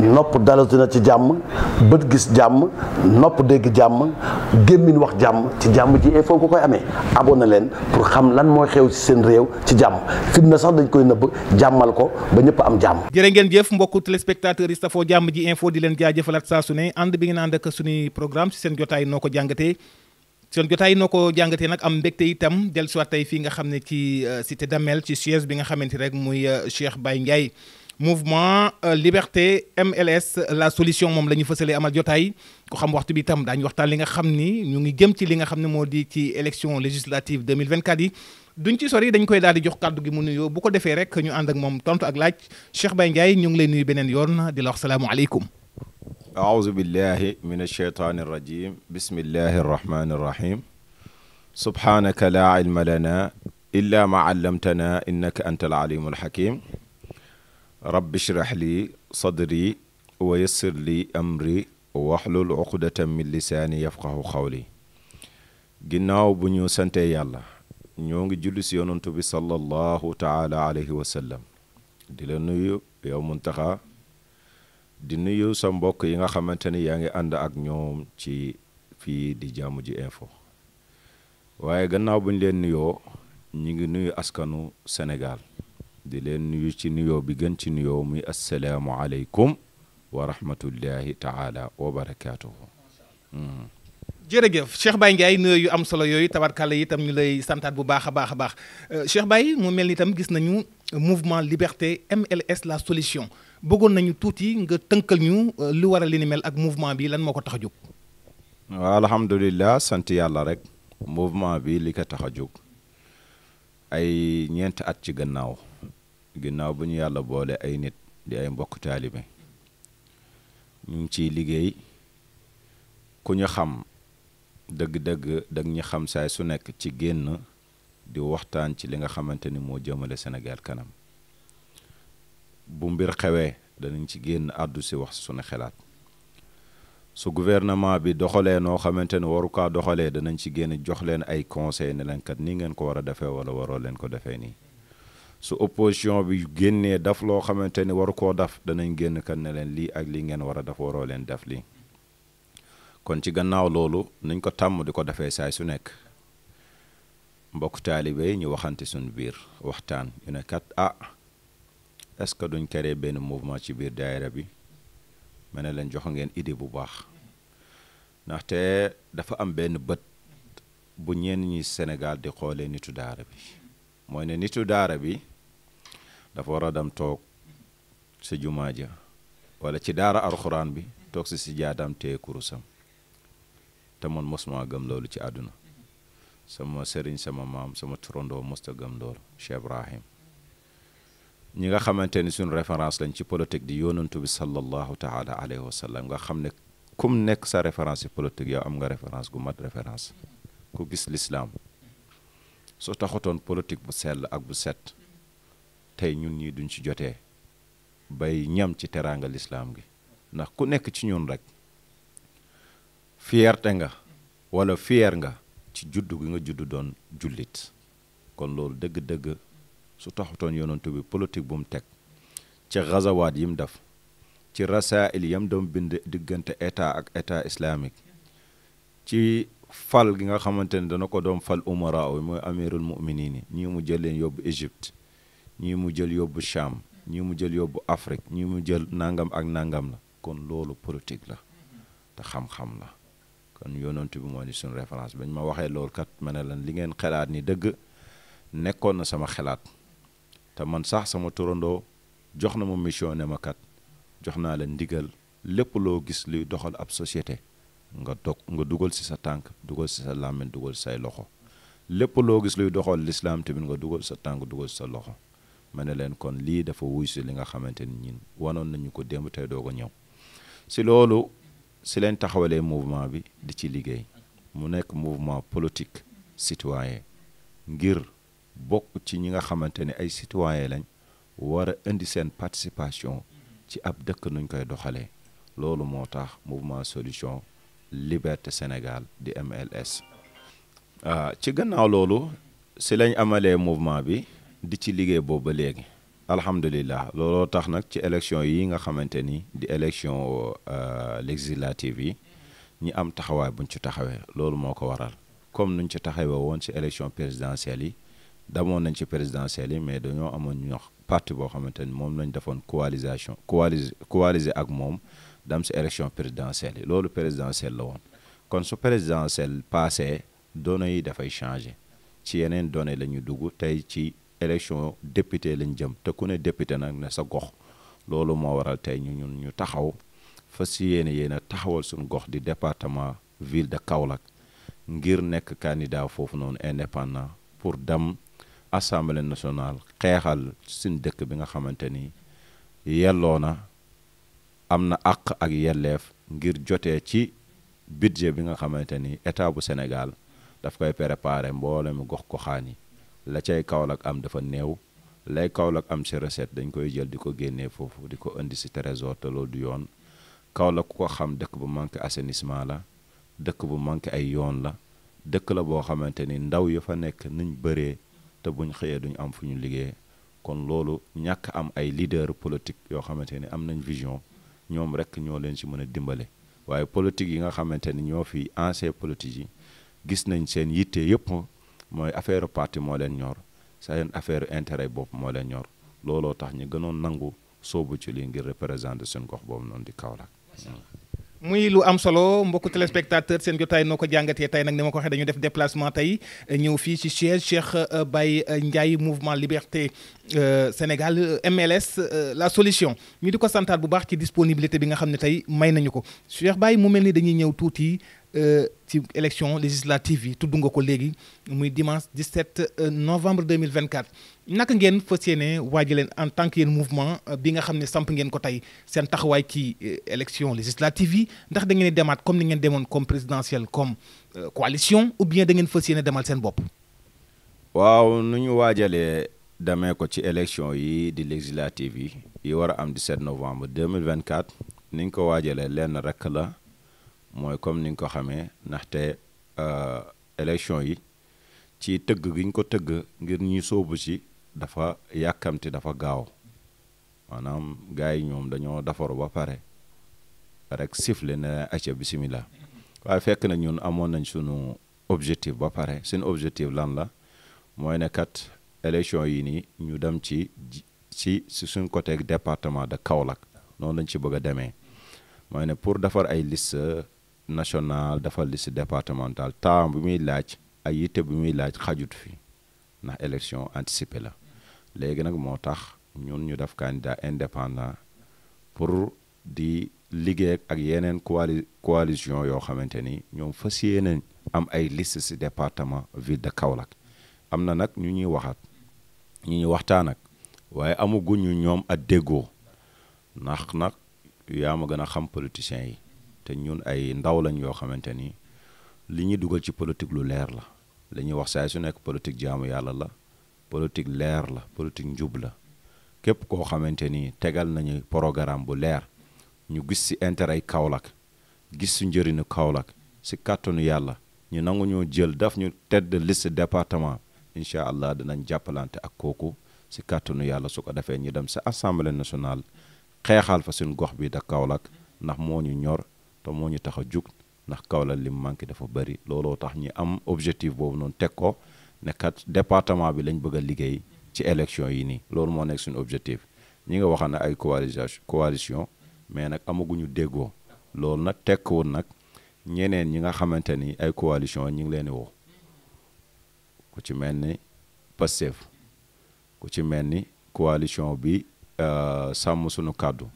nopp dalatu na ci jàmm bët gis jàmm nopp dégg jàmm gémmiñ wax jàmm ci jàmm ji il faut nga koy amee abonné leen pour xam lan mooy xew ci seen réew ci jàmm fitna sax dañ koy nëbb jàmmal ko ba ñëpp am jàmm jëre ngeen jëf mbokku téléspectateurs yi safoo jàmm ji info di leen jaajëfalaat saa su ne ànd bi nga ànd ak suñuy programme si seen jotaay noo ko jàngatee seen jotaay noo ko jàngatee nag am te itam dellusiwaat tey fii nga xam ne ci euh, cité Damel ci siège bi nga xamante rek muy euh, Cheikh Baye Ndiaye mouvement euh, liberté MLS la solution moom la ñu fësalee amal jotaay ko xam waxtu bi tam daañu waxtaan li nga xam ni ñu ngi jëm ci li nga xam ne moo di ci élection législative 2024 yi duñ ci sori dañ koy daal di jox kàddu gi mu nuyoo bu ko defee rek ñu ànd ak moom tontu ak laaj Cheikh Baye Ndiaye ñu ngi leen nuyu beneen yoon di la wax salaamualeykum. aawuzu billahi min alcheytaani arrajim bismillahi arrahmani arrahim subhaanaka laa ilma lana illa ma allamtana innaka anta alalimu alhakim rabbi shrah li sadri wa yassir li amri waxlul uqdatam min lisaani xawli ginnaaw bu ñu sante yàlla ñoo ngi julli si yonantu bi sallallahu taala alayhi wa di la nuyu yow muntaxa di nuyu sa mbokk yi nga xamante ni yaa ngi ànd ak ñoom ci fii di jàmm ji info waaye gannaaw bu ñu leen nuyoo ñu ngi nuyu askanu Sénégal di leen nuyu ci nuyoo bi gën ci nuyoo muy assalaamu aleykum wa rahmatullahi taala wa barakaatuhu hmm. jërëjëf Cheikh Baye Ndiaye yu am solo yooyu tabarkàlla itam lay santaat bu baax a baax a baax euh, Cheikh Baye mu mel ni itam gis nañu mouvement liberté MLS la solution bëggoon nañu tuuti nga tënkal ñu euh, lu wara a li ni mel ak mouvement bi lan moo ko tax a sant yàlla rek mouvement bi li ko tax a jóg ay ñeent at ci gannaaw. ginnaaw bu ñu yàlla boole ay nit di ay mbokk taalibe ñu ngi ciy liggéey ku ñu xam dëgg-dëgg dag ñu xam saay su nekk ci génn di waxtaan ci li nga xamante ni moo jëmale senegal kanam bu mbir xewee danañ ci génn àddu si wax sunu xelaat su gouvernement bi doxalee noo xamante ni waru kaa doxalee danañ ci génn jox leen ay conseil ne leen nii ngeen ko war a defee wala waroo leen ko defee nii su opposition bi génnee daf loo xamante ni waru koo daf danañ génn kan ne leen lii ak li ngeen war a daf waroo leen def lii kon ci gannaaw loolu nañ ko tàmm di ko defee saay su nekk mbokk taalibe ñu waxante sunu biir waxtaan ñu ne kat ah est que duñ créer benn mouvement ci biir daayira bi ma ne leen jox ngeen idée bu baax ndaxte dafa am benn bët bu ñenn ñi Sénégal di xoolee nitu daara bi mooy ne nitu daara bi dafa war a dem toog sa jumaa ja wala ci daara alxuraan bi toog si si jaadaam téye kurusam te man mosuma gëm loolu ci àdduna sama sëriñ sama maam sama turandoo mosta gëm loolu Cheikh Ibrahim ñi nga xamante ni suñu référence lañ ci politique di yonantu bi sallallahu taala alayhi wa sallam nga xam ne kum nekk sa référence ci politique yow am nga référence gu mat référence ku gis lislaam su taxutoon politique bu sell ak bu set tey ñun ñii duñ ci jotee bay ñam ci teraanga lislaam gi ndax ku nekk ci ñun rek fierté nga wala fier nga ci juddu gi nga juddu doon jullit kon loolu dëgg-dëgg su taxutoon yonantu bi politique bu mu teg ci xazawaat yim mu def ci rasail yam doon bind diggante état ak état islamique ci fal gi nga xamante ne dana ko doom fal umara mooy amirul muminini ñii mu jël leen yóbbu Égypte ñii mu jël yóbbu Cham ñii mu jël yóbbu Afrique ñii mu jël nangam ak nangam la kon loolu politique la te xam-xam la kon yonent bi moo di suñu référence bañ ma waxee loolu kat ma ne lan li ngeen xelaat ni dëgg nekkoon na sama xelaat te man sax sama turandoo jox na ma mission ne ma kat jox naa leen ndigal lépp loo gis luy doxal ab société nga toog nga dugal ci sa tànk dugal ci sa làmmiñ dugal say loxo lépp loo gis luy doxal lislaam tamit nga dugal sa tànk dugal ci sa loxo ma ne leen kon lii dafa wuy si li nga xamante ni wanoon nañu ko démb doog a ñëw si loolu si leen taxawalee mouvement bi di ci liggéey mu nekk mouvement politique citoyen ngir bokk ci ñi nga xamante ni ay citoyen lañ war a indi seen participation ci ab dëkk nuñ koy doxalee loolu moo tax mouvement solution Liberté Sénégal di MLS ah, ci gannaaw loolu si lañ amalee mouvement bi di ci liggéey boobu ba léegi alhamdulilah looloo tax nag ci élection yi nga xamante ni di élection euh, législative yi ñi am taxawaay buñ ci taxawee loolu moo ko waral comme nuñ ci taxawee woon si élection présidentielle yi damoon nañ ci présidentielle yi mais dañoo amoon ñu parti boo xamante ni moom lañ defoon coalisation coaliser coaliser ak moom dam si élection présidentielle yi loolu présidentielle la woon kon su présidentielle passé données yi dafay changé ci yeneen données la ñu dugg tey ci élection député lañ jëm te ne député nag ne sa gox loolu moo waral tey ñu ñun ñu taxaw fa si yéene yéen a taxawal suñu gox di département ville de Kaolack ngir nekk candidat foofu noonu indépendant pour dem assemblée nationale xeexal suñ dëkk bi nga xamante ni yelloo na am na àq ak yelleef ngir jotee ci budget bi nga xamante ni état bu Sénégal daf koy préparer mboole mu gox goxaan yi la cay Kaolack am dafa néew lay Kaolack am si recette dañ koy jël di ko génnee foofu di ko indi si trésor te loolu du yoon Kaolack ku ko xam dëkk bu manqué assainissement la dëkk bu manqué ay yoon la dëkk la boo xamante ni ndaw ya fa nekk nuñ bëree te buñ xëyee duñ am fu ñu liggéey kon loolu ñàkk am ay leader politique yoo xamante ni am nañ vision ñoom rek ñoo leen ci mën a dimbale waaye politique yi nga xamante ni ñoo fi ancien politique yi gis nañ seen yitte yëpp mooy affaire parti moo leen ñor seen affaire intérêt bopp moo leen ñor looloo tax ñu gënoon nangu soobu ci lii ngir représenter suñ gox boobu noonu di Kaolack muy lu am solo mbokku téléspectateur seen jotaay noo ko jàngatee tey nag ni ma ko waxee dañu def déplacement tey euh, ñëw fii ci siège Cheikh euh, Baye euh, Ndiaye mouvement liberté Sénégal MLS la solution ñu di ko santaat bu baax ci disponibilité bi nga xam ne tey may nañu ko Cheikh Baye mu mel ni dañuy ñëw tuuti ci élection législative yi tudd nga ko léegi muy dimanche 17 novembre 2024. naka ngeen fas yéene waaji leen en tant que yéen mouvement euh, bi nga xam ne samp ngeen ko tey seen taxawaay ci euh, élection législative yi ndax da demaat comme ni ngeen demoon comme présidentielle comme euh, coalition ou bien da ngeen fas yéene demal seen bopp. waaw nu ñu waajalee demee ko ci élection yi di législative yi yi war a am 17 novembre 2024 ni ñu ko waajalee lenn rek la mooy comme ni nga ko xamee ndaxte élection yi ci tëgg gi ñu ko tëgg ngir ñuy soobu si dafa yàkkamti dafa gaaw maanaam gars yi ñoom dañoo defaru ba pare rek sifle ne acca bisimilah waaye fekk na ñun amoon nañ sunu objectif ba pare sunu objectif lan la mooy ne kat élection yi nii ñu dem ci ci si suñ côté département de Kaolack noonu lañ ci bëgg a demee mooy ne pour defar ay liste nationale defar liste départementale temps bi muy laaj ay yitte bu muy laaj xajut fi ndax élection anticipée la léegi nag moo tax ñun ñu def candidat indépendant pour di liggéey ak yeneen coali coalition yoo xamante ni ñoom fas yéene am ay liste ci département ville de Kaolack am na nag ñu ñuy waxaat ñu ñuy waxtaan ak waaye amuguñu ñoom ak déggoo ndax nag yaa ma gën a xam politiciens yi te ñun ay ndaw lañ yoo xamante ni li ñuy dugal ci politique lu leer la li ñuy wax saay su nekk politique jaamu yàlla la politique leer la politique njub la képp koo xamante ni tegal nañu programme bu leer ñu gis si intérêt Kaolack gis su njëriñu Kaolack si kàttanu yàlla ñu nangu ñoo jël daf ñu tedd liste département incha allah dinañ jàppalante ak kooku si kàttanu yàlla su ko defee ñu dem sa assemblée nationale xeexal fa suñ gox bii da Kaolack ndax moo ñu ñor te moo ñu tax a jug ndax Kaolack limu manqué dafa bëri looloo tax ñu am objectif boobu noonu teg ko ne kat bi lañ bëgg liggéey ci élection yi nii loolu moo nekk suñu objectif ñi nga waxoon ne ay coalition coalition mais nag amaguñu déggoo loolu nag tekkiwul nag ñeneen ñi nga xamante ni ay coalition ñu ngi leen wo ku ci mel ni Pastef ku ci mel ni coalition bi euh, sàmm suñu kaddu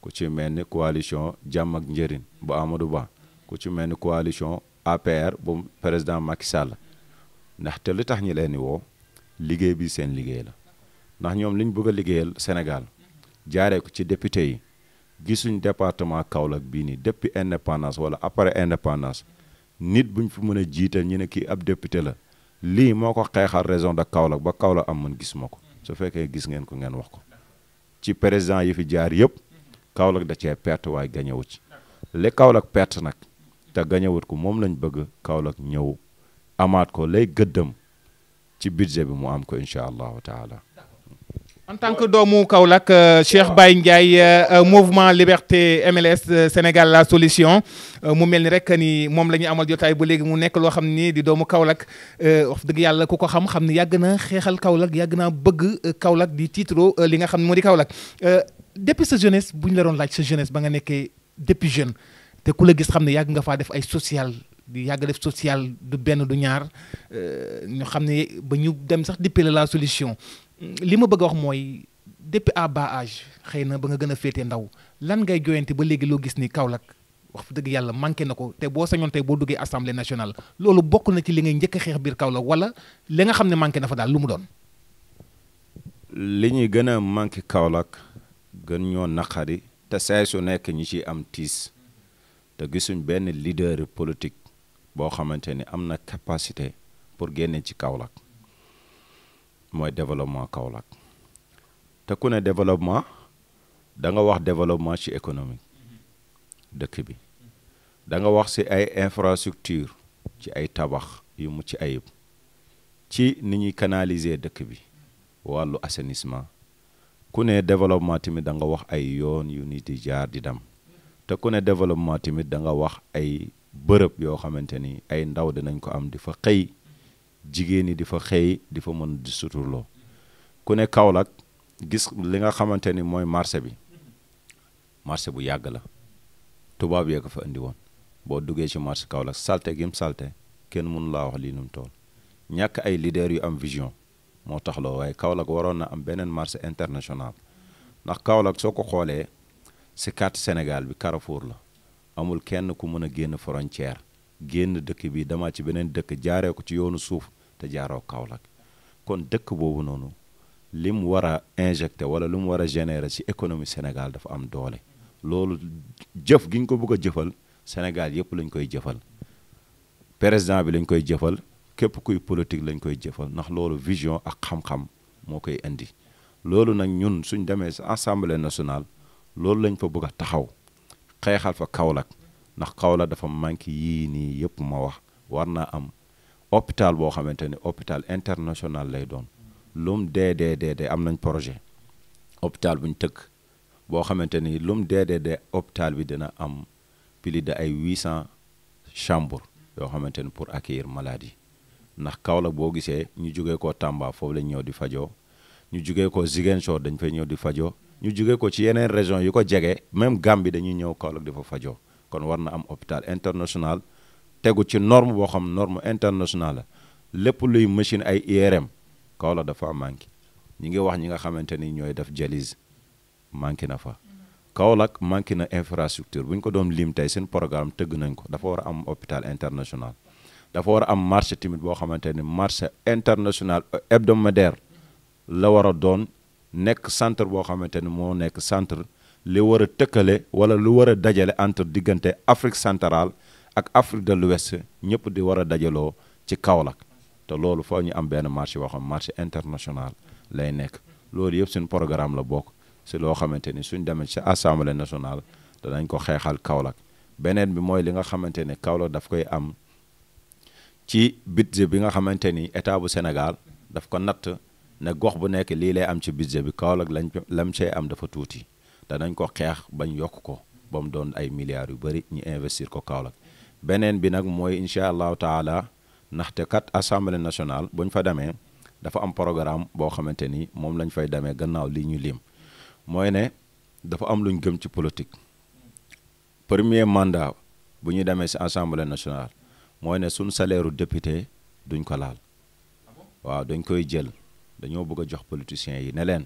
ku ci mel ni coalition jàmm ak njëriñ bu Amadou Ba ku ci mel ni coalition APR bu président Macky Sall ndaxte lu tax ñi leen di woo liggéey bi seen liggéey la ndax ñoom li ñu bëgg a liggéeyal Sénégal jaaree ko ci député yi gisuñ département Kaolack bii nii depuis indépendance wala après indépendance nit buñ fi mën a jiital ñu ne kii ab député la lii moo ko xeexal région de Kaolack ba Kaolack am mën gis ma ko su fekkee gis ngeen ko ngeen wax ko ci président yi fi jaar yëpp Kaolack da cee perte waaye gañewu ci li Kaolack perte nag te gañewut ko moom lañ bëgg Kaolack ñëw amaat ko lay gëddam ci budget bi mu am ko incha allah taala. en tant que doomu Kaolack euh, Cheikh Baye Ndiaye euh, euh, mouvement liberté MLS Sénégal la solution mu mel ni rek ni moom lañu amal jotaay ba léegi mu nekk loo xam ni di doomu Kaolack wax dëgg yàlla ku ko xam xam yàgg na xeexal Kaolack yàgg naa bëgg Kaolack di titre li nga xam ne moo di Kaolack depuis sa jeunesse bu ñu la roon laaj sa jeunesse ba nga nekkee depuis jeune te ku la gis xam ne yàgg nga faa def ay social di yàgg def social du benn du ñaar euh, ñu xam ne ba ñu dem sax dippale la solution li ma bëgg a wax mooy depuis à bas xëy na ba nga gën a féete ndaw lan ngay joyante ba léegi loo gis ni Kaolack wax dëgg yàlla manqué na ko te boo sañoon tey boo duggee assemblée nationale loolu bokk na ci li ngay njëkk a xeex biir Kaolack wala li nga xam ne manqué na fa daal lu mu doon. li ñuy gën a manqué Kaolack gën ñoo naqari te saay su nekk ñi ciy am tiis te gisuñ benn leader politique. boo xamante ni am na capacité pour génne ci Kaolack mooy développement Kaolack te ku ne développement da nga wax développement ci économique dëkk bi da nga wax si ay infrastructure ci ay tabax yu mucc ayib ci ni ñuy canaliser dëkk bi wàllu assainissement ku ne développement tamit da nga wax ay yoon yu nit di jaar di dem te ku ne développement tamit da nga wax ay bërëb yoo xamante ni ay ndaw dinañ ko am di fa xëy jigéen ñi di fa xëy di fa mën di suturloo ku ne Kaolack gis li nga xamante ni mooy marché bi marché bu yàgg la tubaab yee ko fa indi woon boo duggee si marché Kaolack salte gim salte kenn mënu laa wax lii num tool ñàkk ay leader yu am vision moo tax loo waaye kawlak waroon na am beneen marché international ndax Kaolack soo ko xoolee si carte Sénégal bi Carrefour la amul kenn ku mën a génn frontière génn dëkk bii dama ci beneen dëkk jaaree ko ci yoonu suuf te jaaroo Kaolack kon dëkk boobu noonu li mu war a injecté wala li mu war a générer ci économie Sénégal dafa am doole loolu jëf gi ñu ko bëgg a jëfal Sénégal yëpp lañ koy jëfal président bi lañ koy jëfal képp kuy politique lañ koy jëfal ndax loolu vision ak xam-xam moo koy indi loolu nag ñun suñ demee sa assemblée national loolu lañ fa bëgg a taxaw xeexal fa Kaolack ndax Kaolack dafa manqué yii nii yëpp ma wax war naa am hôpital boo xamante ni hôpital international lay doon lum dee dee dee am nañ projet hôpital bu ñu tëkk boo xamante ni lum dee dee dee hôpital bi dina am pili de ay huit cent chambres yoo xamante ni pour accueillir malade yi ndax Kaolack boo gisee ñu jugee ko Tamba foofu lañ ñëw di fajoo ñu jugee ko Ziguinchor dañ fay ñëw di fajoo ñu jóge ko ci yeneen région yi ko jege même Gambie dañuy ñëw Kaolack di fa fajoo kon war na am hôpital international tegu ci norme boo xam norme internationale la lépp luy machine ay IRM Kaolack dafa manqué ñi ngi wax ñi nga xamante ni ñooy def dialyse manqué na fa Kaolack manqué na infrastructure bu ñu ko doon lim tey seen programme tëgg nañ ko dafa war a am hôpital international dafa war a am marché timit boo xamante ni marché international hebdomadaire la war a doon nekk centre boo xamante ni moo nekk centre li war a tëkkale wala lu war a dajale entre diggante Afrique centrale ak Afrique de l'Ouest ñëpp di war a dajaloo ci Kaolack te loolu foo ñu am benn marché boo xam marché international lay nekk loolu yëpp suñ programme la bokk si loo xamante ni suñ demee ci assemblée nationale danañ ko xeexal Kaolack beneen bi mooy li nga xamante ni Kaolack daf koy am ci budget bi nga xamante ni état bu Sénégal daf ko natt ne gox bu nekk lii lay am ci budget bi Kaolack lañ lam cay am dafa tuuti danañ ko xeex bañ yokk ko ba mu doon ay milliards yu bëri ñu investir ko Kaolack beneen bi nag mooy incha allahu taala ndaxte kat assemblée nationale buñ fa demee dafa am programme boo xamante ni moom lañ fay demee gannaaw lii ñu lim mooy ne dafa am luñ gëm ci politique premier mandat bu ñu demee si assemblée nationale mooy ne suñ salaire député duñ ko laal ah waaw dañ koy jël. dañoo bëgg a jox politiciens yi ne leen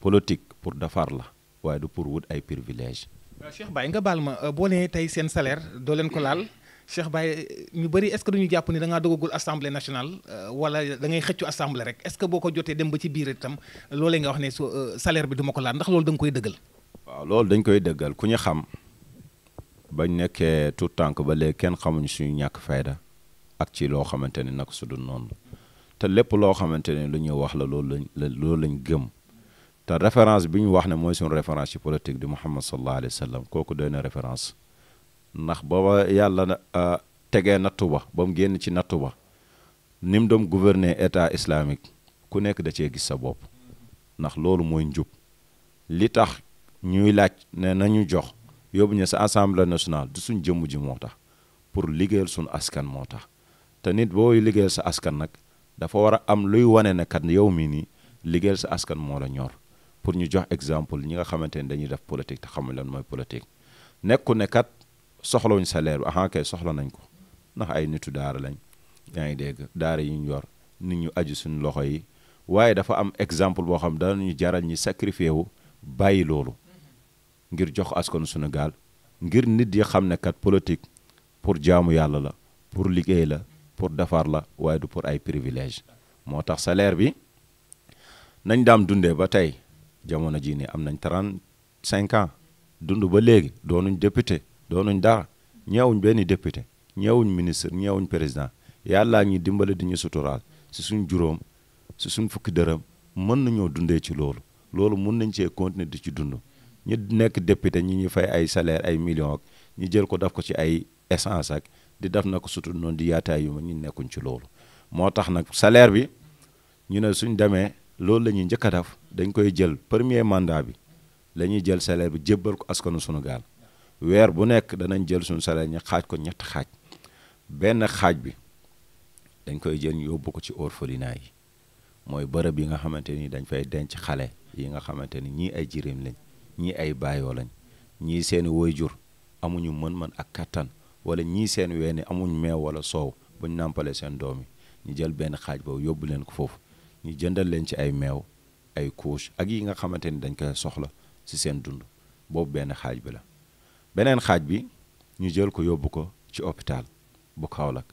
politique pour defar la waaye du pour wut ay privilège euh, Cheikh baay nga baal ma euh, boo nee tey seen salaire doo leen ko laal Cheikh Baye ñu bëri est-ce que duñu jàpp ni da ngaa dogagul assemblée nationale euh, wala da ngay xëccu assemblée rek est-ce que boo ko jotee dem ba ci biir itam loolee nga wax ne su salaire bi duma ko laal ndax loolu da nga koy dëggal. waaw loolu dañ koy dëggal ku ñu xam bañ nekkee tout tànk ba léegi kenn xamuñu suñu ñàkk fayda ak ci loo xamante ni nag su noonu. te lépp loo xamante ne lu ñuy wax la loolu lañ loolu lañ gëm te référence bi ñu wax ne mooy suñu référence ci politique di Muhammad sallallahu alayhi wa sallam kooku doy na référence ndax booba yàlla euh, tegee nattu ba ba génn ci nattu ba ni mu doon gouverner état islamique ku nekk da cee gis sa bopp ndax loolu mooy njub li tax ñuy laaj ne nañu jox yóbbu ñu sa assemblée nationale du suñ jëmm ji moo tax pour liggéeyal suñu askan moo tax te nit booy liggéeyal sa askan nag dafa war a am luy wane ne kat yow mii nii liggéeyal sa askan moo la ñor pour ñu jox exemple ñi nga xamante ne dañuy def politique te xamuñ lan mooy politique nekku ne kat soxlawuñ salaire bi ah soxla nañ ko ndax ay nitu daara lañ yaa ngi dégg daara yi yor nit ñu aju suñu loxo yi waaye dafa am exemple boo xam danañu jaral ñi sacrifié wu bàyyi loolu ngir jox askan suñu gaal ngir nit yi xam ne kat politique pour jaamu yàlla la pour liggéey la. pour defar la waaye du pour ay privilège moo tax salaire bi nañ daam dundee ba tey jamono jii nii am nañ 35 ans dund ba léegi doonuñ député doonuñ dara ñeewuñ benn député ñeewuñ ministre ñeewuñ président yàllaa ñuy dimbale di ñu suturaal si suñ juróom si suñ fukki dërëm mën nañoo dundee ci loolu loolu mun nañ cee continuer di ci dund ñu nekk député ñi ñuy fay ay salaire ay millions ak ñu jël ko daf ko si ay essence ak di def na ko sutul noonu di yaataay yu ma ñu nekkuñ ci loolu moo tax nag salaire bi ñu ne suñ demee loolu la njëkk a def dañ koy jël premier mandat bi la jël salaire bi jëbbal ko askanu sunu gaal weer bu nekk danañ jël suñu salaire ñi xaaj ko ñett xaaj benn xaaj bi dañ koy jël ñu yóbbu ko ci orphelinat yi mooy bërëb yi nga xamante ni dañ fay denc xale yi nga xamante ni ñii ay jirim lañ ñii ay baayoo lañ ñii seeni woy jur amuñu mën-mën ak kattan wala ñii seen weeni amuñ meew wala soow bu ñu nàmpalee seen doom yi ñu jël benn xaaj boobu yóbbu leen ko foofu ñu jëndal leen ci ay meew ay couche ak yi nga xamante ni dañ koy soxla ci seen dund boobu benn xaaj bi la beneen xaaj bi ñu jël ko yóbbu ko ci hôpital bu Kaolack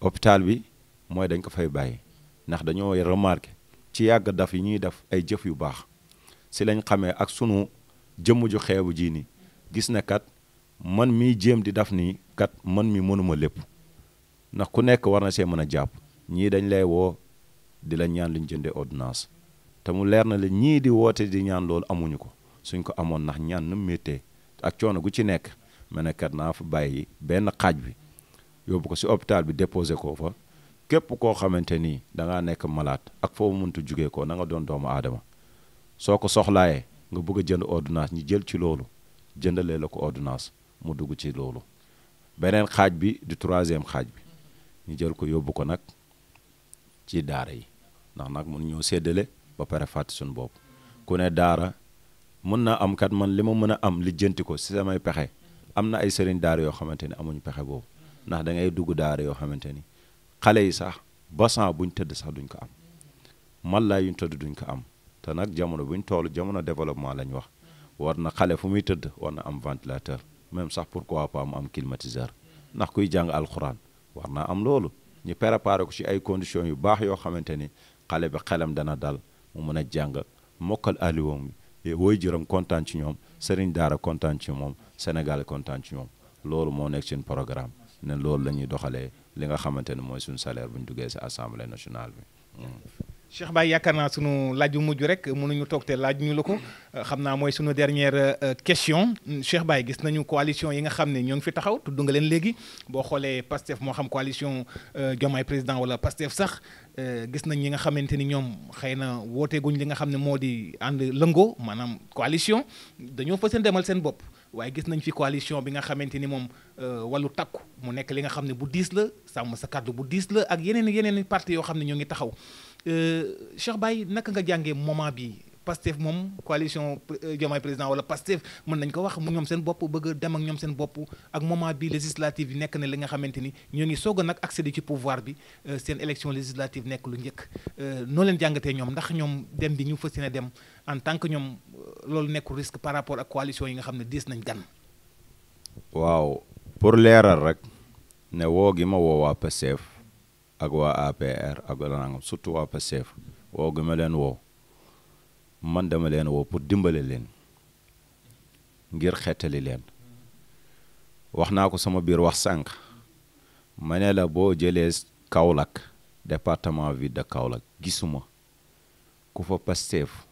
hôpital bi mooy dañ ko fay bàyyi ndax dañoo remarqué ci yàgg daf yi ñuy def ay jëf yu baax si lañ xamee ak sunu jëmm ju xeebu jii ni gis na kat man mii jéem di daf nii kat man mi mënuma lépp ndax ku nekk war na see mën a jàpp ñii dañ lay woo di la ñaan luñ jëndee ordonnance te mu leer na la ñii di woote di ñaan loolu amuñu ko suñ ko amoon ndax ñaan nu mu méttee ak coono gu ci nekk ma ne kat naa fa bàyyi benn xaaj bi yóbbu ko si hôpital bi déposé koo fa képp koo xamante ni da nekk malaat ak foo mëntu jugee ko na nga doon doomu aadama soo ko soxlaayee nga bëgg a jënd ordinance ñi jël ci loolu jëndalee la ko ordonnance mu dugg ci loolu beneen xaaj bi du troisième xaaj bi ñu jël ko yóbbu ko nag ci daara yi ndax nag mun ñoo séddale ba pare fàtte suñ bopp ku ne daara mun naa am kat man li ma mën a am lijjanti ko si samay pexe am na ay sëriñ daara yoo xamante ni amuñ pexe boobu ndax da ngay dugg daara yoo xamante ni xale yi sax basan buñ tëdd sax duñ ko am malla yuñ tëdd duñ ko am te nag jamono buñ tool jamono développement lañ wax war na xale fu muy tëdd war na am ventilateur même sax pourquoi pas mu am climatiseur ndax kuy jàng alxuraan war naa am loolu ñu préparé ko ci ay conditions yu baax yoo xamante ni xale bi xelam dana dal mu mën a jàng mokkal aliwoom wooy jërëm kontaan ci ñoom sëriñ daara kontaan ci moom Sénégal kontaan loolu moo nekk suñu programme ne loolu la ñuy doxalee li nga xamante ne mooy suñu salaire bu ñu duggee si assemblée nationale bi. Hmm. Cheikh Baye yaakaar naa sunu laaj bu mujj rek mënuñu toog te laaj ñu la ko xam naa mooy sunu dernière euh, question Cheikh baay gis nañu coalition yi nga xam ne ñoo ngi fi taxaw tudd nga leen léegi boo xoolee Pastef moo xam coalition euh, Diomaye président wala Pastef sax euh, gis nañ ñi nga xamante ni ñoom xëy na wooteeguñ li nga xam ne moo di ànd lëngoo maanaam coalition dañoo fa seen demal seen bopp waaye gis nañ fi coalition bi nga xamante ni moom wàllu takku mu nekk li nga xam ne bu diis la sàmm sa kaddu bu diis la ak yeneen yeneen parti yoo xam ne ñoo ngi taxaw Euh, Cheikh Baye naka nga jàngee moment bi Pastef moom coalition euh, Diomaye président wala Pastef mën nañ ko wax mu ñoom seen bopp bëgg dem ak ñoom seen bopp ak moment bi législative yi nekk na li nga xamante ni ñoo ngi soog a nag accéder ci pouvoir bi euh, seen élection législative nekk lu njëkk noo leen jàngatee ñoom ndax ñoom dem bi ñu fas yéene dem en tant que ñoom loolu nekkul risque par rapport ak coalition yi nga xam ne diis nañ gan. waaw leeral rek ne ma ak waa APR ak waa Pastef woo gi leen woo man dama leen woo pour dimbale leen ngir xettali leen wax naa ko sama biir wax sànq ma ne la boo jëlee Kaolack département ville de Kaolack gisuma ku fa Pastef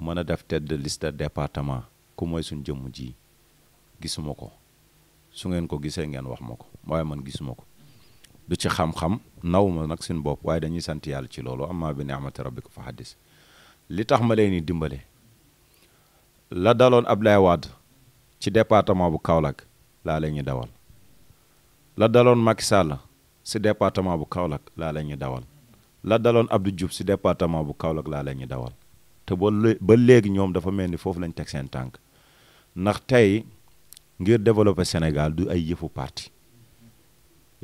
mën a def tête de liste département ku mooy suñ jëmm ji gisuma ko su ngeen ko gisee ngeen wax ma ko waaye man gisuma ko du ci xam-xam naw ma nag seen bopp waaye dañuy sant yàlla ci loolu amma bi ni'mati rabbika fa haddis li tax ma leen di dimbale la daloon Ablaye Wade ci département bu Kaolack laa la dawal la daloon Macky Sall si département bu Kaolack laa la ñuy dawal la daloon Abdou Diouf si département bu Kaolack laa la dawal te ba ba léegi ñoom dafa mel ni foofu lañ teg seen tànk ndax tey ngir développer Sénégal du ay yëfu parti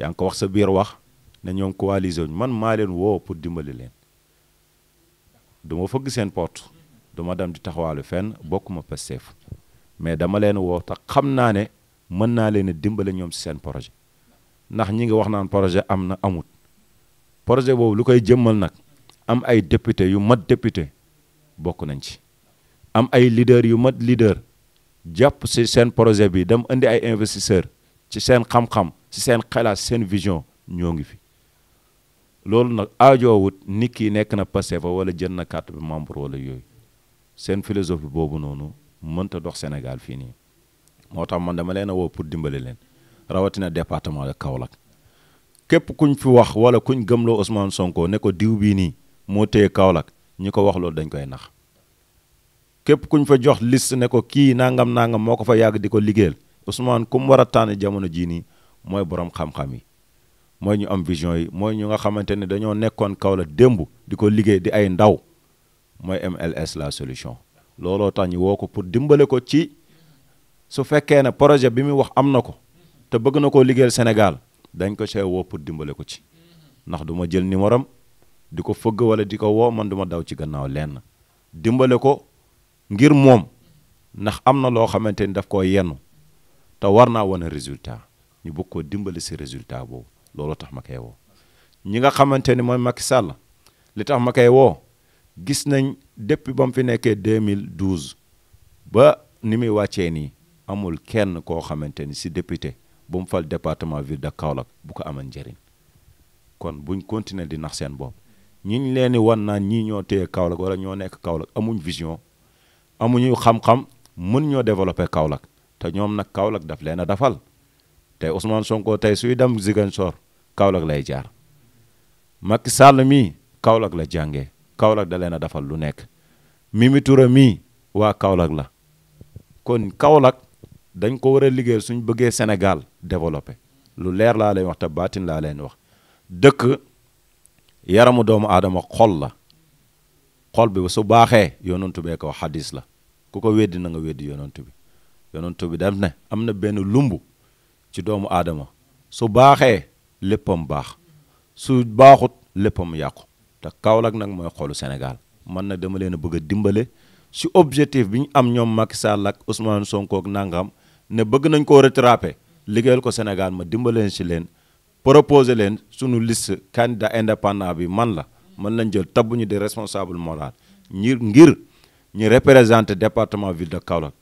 yaa ngi wax sa biir wax ne ñoom coalisé wuñ man maa leen woo pour dimbali leen duma fëgg seen porte duma dem di taxawaalu fenn bokkuma Pastef mais dama leen woo tax xam naa ne mën naa leen a dimbale ñoom si seen projet ndax ñi ngi wax naan projet am na amut projet boobu lu koy jëmmal nag am ay député yu mat député bokk nañ ci am ay leader yu mat leader jàpp si seen projet bi dem indi ay investisseur ci seen xam-xam ci seen xalaat seen vision ñoo ngi fi loolu nag aajoowut nit ki nekk na Pastef wala jën na carte bi membre walla yooyu seen philosophie boobu noonu mënta dox senegal fii nii moo tax man dama leen a woo pour dimbali leen rawatina département de Kaolack képp kuñ fi wax wala kuñ gëmloo Ousmane Sonko ne ko diw bii nii moo téye Kaolack ñi ko wax loolu dañ koy nax képp kuñ fa jox liste ne ko kii nangam nangam moo ko fa yàgg di ko liggéeyal Ousmane ku mu war a tànn jamono jii nii mooy borom xam-xam yi mooy ñu am vision yi mooy ñu nga xamante ne dañoo nekkoon kaw la démb di ko liggéey di ay ndaw mooy MLS la solution looloo tax ñu woo ko pour dimbale ko ci su fekkee ne projet bi muy wax am na ko te bëgg na koo liggéeyal Sénégal dañ ko see woo pour dimbale ko ci ndax du ma jël numéro am di ko fëgg wala di ko woo man du daw ci gannaaw lenn dimbale ko ngir moom ndax am na loo xamante ni daf ko yenn te war naa wane résultat ñu bëgg koo dimbali si résultat boobu loolu tax ma koy woo ñi nga xamante ni mooy Macky Sall li tax ma koy woo gis nañ depuis ba mu fi nekkee 2012 ba ni muy wàccee ni amul kenn koo xamante ni si député bu mu fal département ville de Kaolack bu ko amal njëriñ kon buñ continuer di nax seen bopp ñiñ leen di wan naan ñii ñoo téye Kaolack wala ñoo nekk Kaolack amuñ vision amuñu xam-xam mën ñoo développer Kaolack te ñoom nag Kaolack daf leen a dafal tey Ousmane Sonko tey suy dem soor Kaolack lay jaar Macky Sall mii Kaolack la jàngee Kaolack da leen a dafal lu nekk Mimi Touré mii waa kawlak la kon Kaolack dañ ko war a liggéey suñ bëggee senegal développé lu leer laa leen wax te baatin laa leen wax dëkk yaramu doomu aadama xol la xol bi su baaxee yonantu bee ko xadis la ku ko weddi na nga weddi yonantu bi yonent bi dem ne am na benn lumbu ci doomu aadama su baaxee léppam baax su baaxut léppam yàqu te Kaolack nag mooy xolu Sénégal man na dama leen a bëgg dimbale si objectif bi ñu am ñoom Macky Sall ak Ousmane Sonko ak nangam ne bëgg nañ koo rattraper liggéeyal ko Sénégal ma dimbalee si leen proposer leen sunu liste candidat indépendant bi man la mën lañ jël tabbu ñu di responsable moral ngir ngir ñu représenter département ville de Kaolack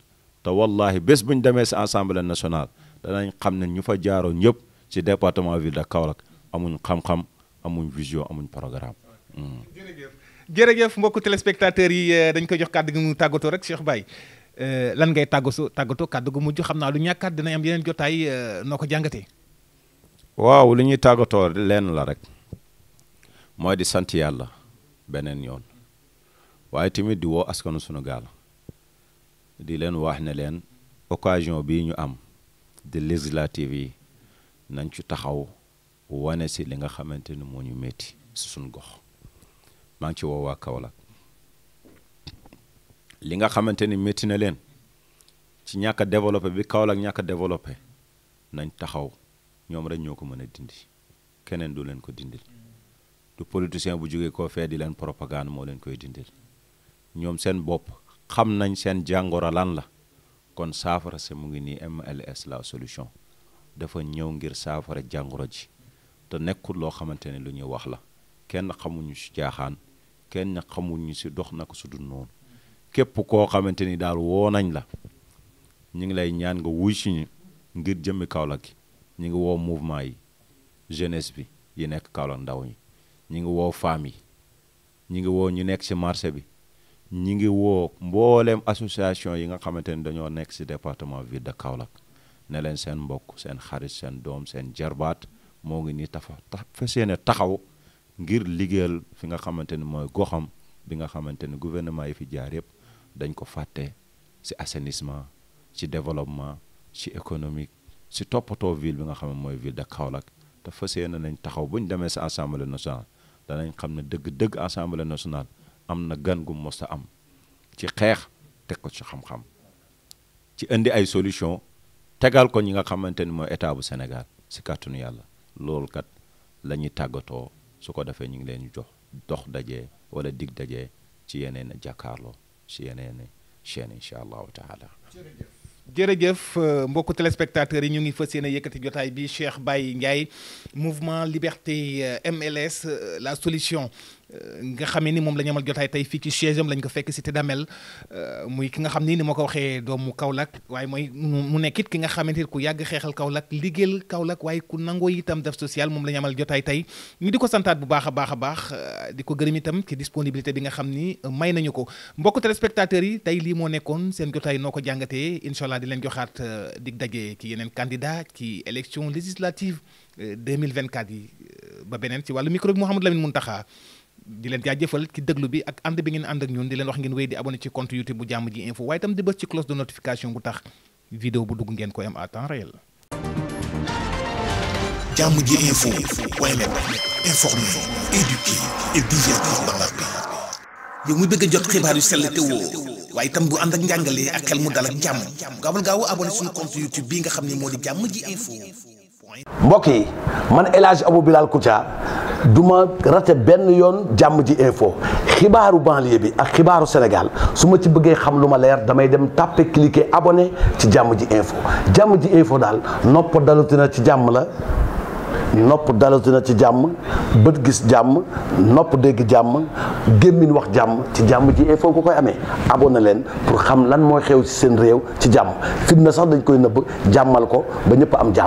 te wallahi bés bu ñu demee si assemblée nationale danañ xam ne ñu fa jaaroo ñëpp si département ville de Kaolack amuñ xam-xam amuñ vision amuñ programme. Hmm. jërëjëf jërëjëf mbokku téléspectateurs yi euh, dañ koy jox kàddu gi mu tàggatoo rek Cheikh Baye euh, lan ngay tàggatoo tàggatoo kàddu gu mujj xam naa lu ñàkkaat dina am yeneen jotaay euh, noo ko jàngate waaw li ñuy tàggatoo lenn la rek mooy di santi yàlla beneen yoon waaye tamit di woo askanu sunu gaal. di leen wax ne leen occasion bi ñu am de législative yi nañ ci taxaw wane si li nga xamante ni moo ñu metti si suñ gox maa ngi ci woo waa Kaolack li nga xamante ni métti na leen ci ñàkk a bi kawlak ñàkk a développé nañ taxaw ñoom rek ñoo ko mën a dindi keneen du leen ko dindil du politicien bu jógee koo fee di leen propagande moo leen koy dindil ñoom seen bopp xam nañ seen jàngoro lan la kon saafara si mu ngi nii MLS la solution dafa ñëw ngir saafara jàngoro ji te nekkul loo xamante ne lu ñuy wax la kenn xamuñu si jaaxaan kenn xamuñu si dox naka su dul noonu képp koo xamante ni daal woo nañ la ñu ngi lay ñaan nga wuy si ñu ngir jëmmi Kaolack gi ñu ngi woo mouvement yi jeunesse bi yi nekk Kaolack ndaw ñi ñu ngi woo femmes yi ñu ngi woo ñu nekk si marché bi ñi ngi woo mbooleem association yi nga xamante ni dañoo nekk si département ville de Kaolack ne leen seen mbokk seen xarit seen doom seen jarbaat moo ngi nii tafa fas yéene taxaw ngir liggéeyal fi nga xamante ni mooy goxam bi nga xamante ni gouvernement yi fi jaar yëpp dañ ko fàtte si assainissement ci développement si économique si toppatoo ville bi nga xam mooy ville de Kaolack te fas yéene nañ taxaw bu ñu demee si assemblée nationale danañ xam ne dëgg-dëgg assemblée nationale. am na gan gu mos a am ci xeex teg ko ci xam-xam ci indi ay solution tegal ko ñi nga xamante ni mooy état bu Sénégal si kàttanu yàlla loolu kat la ñuy tàggatoo su ko defee ñu ngi leen jox dox daje wala dig daje ci yeneen jàkkaarloo ci yeneen chaîne incha allahu taala. jërëjëf euh, mbokku téléspectateurs yi ñu ngi fas yéene yëkkati jotaay bi Cheikh Baye Ndiaye mouvement liberté euh, MLS euh, la solution. nga xamee ni moom la ñu amal jotaay tey fii ci siège am lañ ko fekk cité Damel euh, muy ki nga xam ni ni ma ko waxee doomu Kaolack waaye mooy mu nekkit ki nga xamante ku yàgg xeexal Kaolack liggéeyal Kaolack waaye ku nangoo itam def social moom la ñu amal jotaay tey ñu di ko santaat bu baax a baax a baax euh, di ko gërëm itam ci disponibilité bi nga xam ni euh, may nañu ko mbokk téléspectateurs yi tey lii moo nekkoon seen jotaay noo ko jàngatee incha allah di leen joxaat dig daje ci yeneen candidat ci élection législative 2024 yi ba beneen ci wàllu micro bi Mouhamadou Lamine Mountakha di leen jaajëfal ci déglu bi ak ànd bi ngeen ànd ak ñun di leen wax ngeen wéy di abonné ci compte YouTube bu jàmm ji info waaye itam di bës ci cloche de bu dugg ngeen koy am à temps ji info waaye nag informer, éduquer et divertir dans la bëgg a jot xibaar yu sell te woo waaye itam bu ànd ak njàngalee ak xel mu dal ak jàmm gaawal gaaw abonné suñu compte YouTube bii nga xam ne moo di jàmm ji info. mbokk yi man El Hadj Abou Bilal du ma rate benn yoon jàmm ji info xibaaru banlieue bi ak xibaaru senegal su ma ci bëggee xam lu ma leer damay dem tàppe cliquer abone ci jàmm ji info jàmm ji info daal nopp dalutina ci jàmm la nopp dalatina ci jàmm bët gis jàmm nopp dégg jàmm gémmiñ wax jàmm ci jàmm ji info nga koy amee abonné leen pour xam lan mooy xew ci seen réew ci jàmm fitna sax dañ koy nëbb jàmmal ko ba ñëpp am jàmm